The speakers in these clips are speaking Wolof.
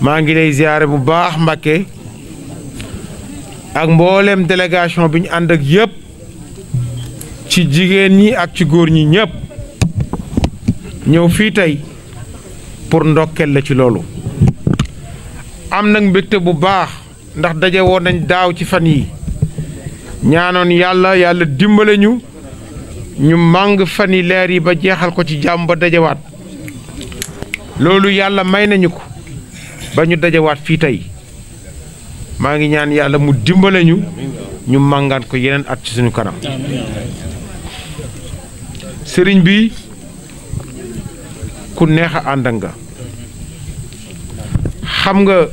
maa ngi lay ziare bu baax Mbacke ak mboolem délégation bi ñu ànd ak yëpp ci jigéen ñi ak ci góor ñi ñëpp ñëw fii tey pour ndokkel la ci loolu. am nag mbégte bu baax ndax daje woon nañ daaw ci fan yi ñaanoon yàlla yàlla dimbale ñu ñu màng fan yi leer yi ba jeexal ko ci jàmm ba dajewaat loolu yàlla may nañu ko. ba ñu dajewaat fi tay ma ngi ñaan yalla mu dimbalé ñu ñu màngaan ko yenen at ci suñu kanam sëriñ bi ku neex andanga xam nga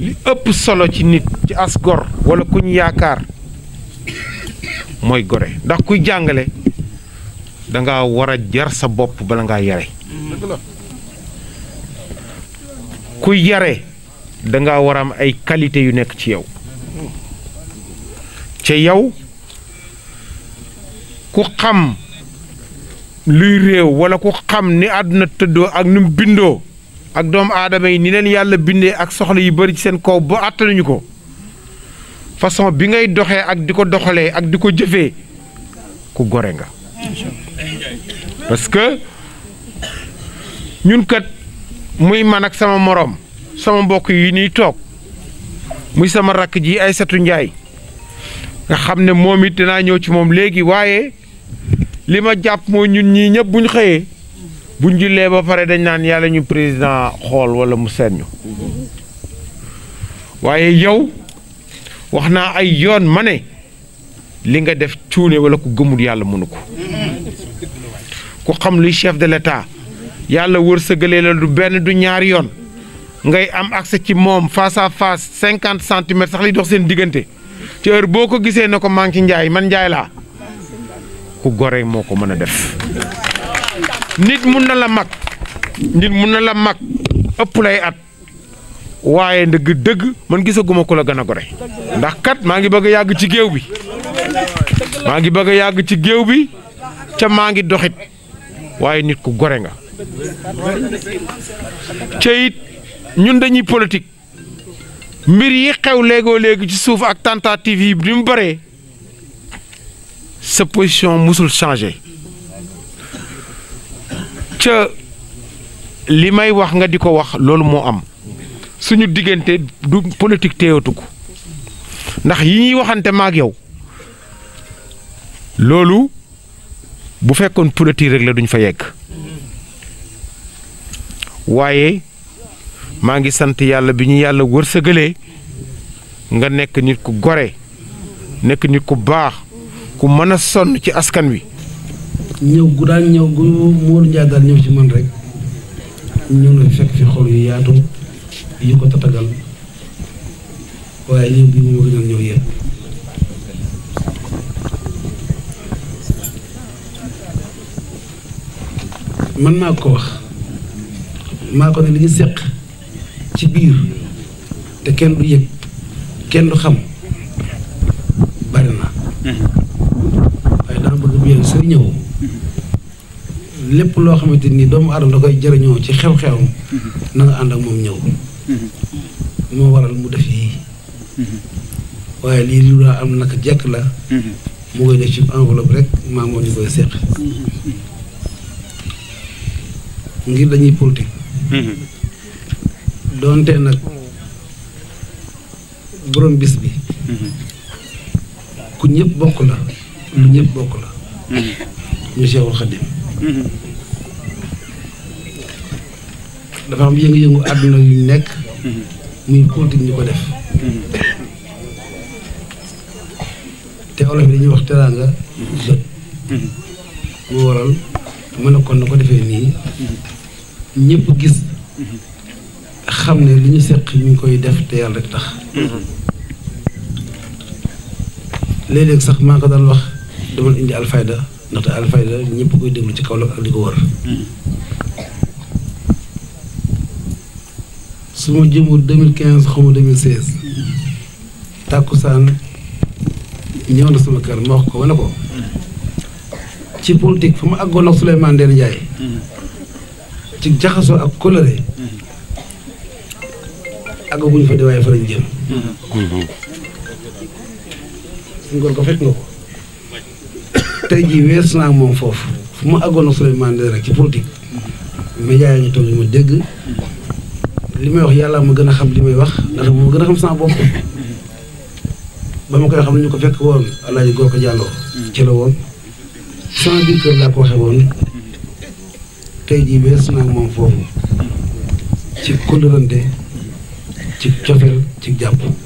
li ëpp solo ci nit ci as wala ku ñu ndax kuy jàngalé danga nga wara jar sa bop bala nga yaré ku yare danga nga war am ay qualité yu nekk ci yow ca yow ku xam luy réew wala ku xam ni àdduna tëddoo ak nu bindoo ak doomu aadama yi ni leen yàlla bindee ak soxla yu bari ci seen kaw ba àttanuñu ko façon bi ngay doxee ak di ko doxalee ak di ko jëfee ku gore nga parce ñun kat muy man ak sama moroom sama mbokk yi nii toog muy sama rakk ji ay Aysatu Njaay nga xam ne moom it dinaa ñëw ci moom léegi waaye li ma jàpp moo ñun ñii ñëpp buñ xëyee buñ jullee ba pare dañ naan yàlla ñu président xool walla mu seen ñu waaye yow wax naa ay yoon ma ne li nga def cuune walla ku gëmul yàlla mënu ko ku xam luy chef de l'État yalla wërsëgalee la du ben du ñaar yoon ngay am accès ci mom face à face 50 cm sax li dox sen digënté ci heure boko gisé nako manki ndjay man ndjay la ku goré moko mëna def nit mën na la mak nit mën na la mak ëpp lay at waaye ndëg dëg man gisaguma ko la gëna goré ndax kat ma ngi bëgg yag ci gëw bi ma ngi bëgg yag ci gëw bi ca ma ngi doxit waye nit ku goré nga ca ñun dañuy politique mbir yi xew léegoo léegi ci suuf ak tentative yi bi mu bëree sa position mosul changé ca li may wax nga di ko wax loolu moo am suñu diggante du politique téyatu ko ndax yi ñuy waxante maag yow loolu bu fekkoon politique rek la duñ fa yegg waaye maa ngi sant yàlla bi ñu yàlla wërsëgalee nga nekk nit ku gore nekk nit ku baax ku mën a sonn ci askan wi. ñëw gu daan ñëw gu Modou Ndiaye daal ñëw ci man rek ñëw na fekk fi xol yu yaatu yu ko tatagal waaye ñëw bi mu gënal ñëw yéen. man maa ko wax. maa ko ne li ñu seq ci biir te kenn du yëg kenn du xam bari na waaye dama bëgg bien soo ñëw lépp loo xamante ni doomu aadama da koy jëriñoo ci xew-xewam na nga ànd ak moom ñëw moo waral mu def yii waaye lii lu daa am naka jekk la mu koy def ci enveloppe rek maa moom ñu koy seq ngir dañuy politique doonte nag borom bis bi ku ñëpp bokk la lu ñëpp bokk la ñu Seexul Xadim dafa xam yëngu-yëngu àdduna yu nekk muy politique ñu ko def te olof yi dañuy wax teraanga bët moo waral mën a kon na ko defee nii ñëpp gis xam ne li ñu seq ñu koy def te yàlla rek tax léeg sax maa ko daan wax demal indi alfayda ndaxte alfayda ñëpp koy déglu ci Kaolack ak li ko wër su ma jëmul 2015 xaw ma 2016 tàkkusaan ñëw na sama kër ma wax ko wane ko ci politique fa ma àggoon ak Souleymane Ndéné ci jaxasoo ak coloré àggaguñ fa de waaye fa lañ suñ ko ko fekk nga ko. tey jii wees naa moom foofu fu ma àggoon ak Souleymane Ndeye rek ci politique. média yaa ngi toog ma dégg. li may wax yàlla ma gën a xam li may wax ndax ma gën a xam sama bopp. ba ma koy xam ne ñu ko fekk woon El Hadj Gorka Diallo. ci la woon. sama biir kër laa ko waxee woon. tey jii wees naa moom foofu ci kóllërante ci cofeel ci jàpp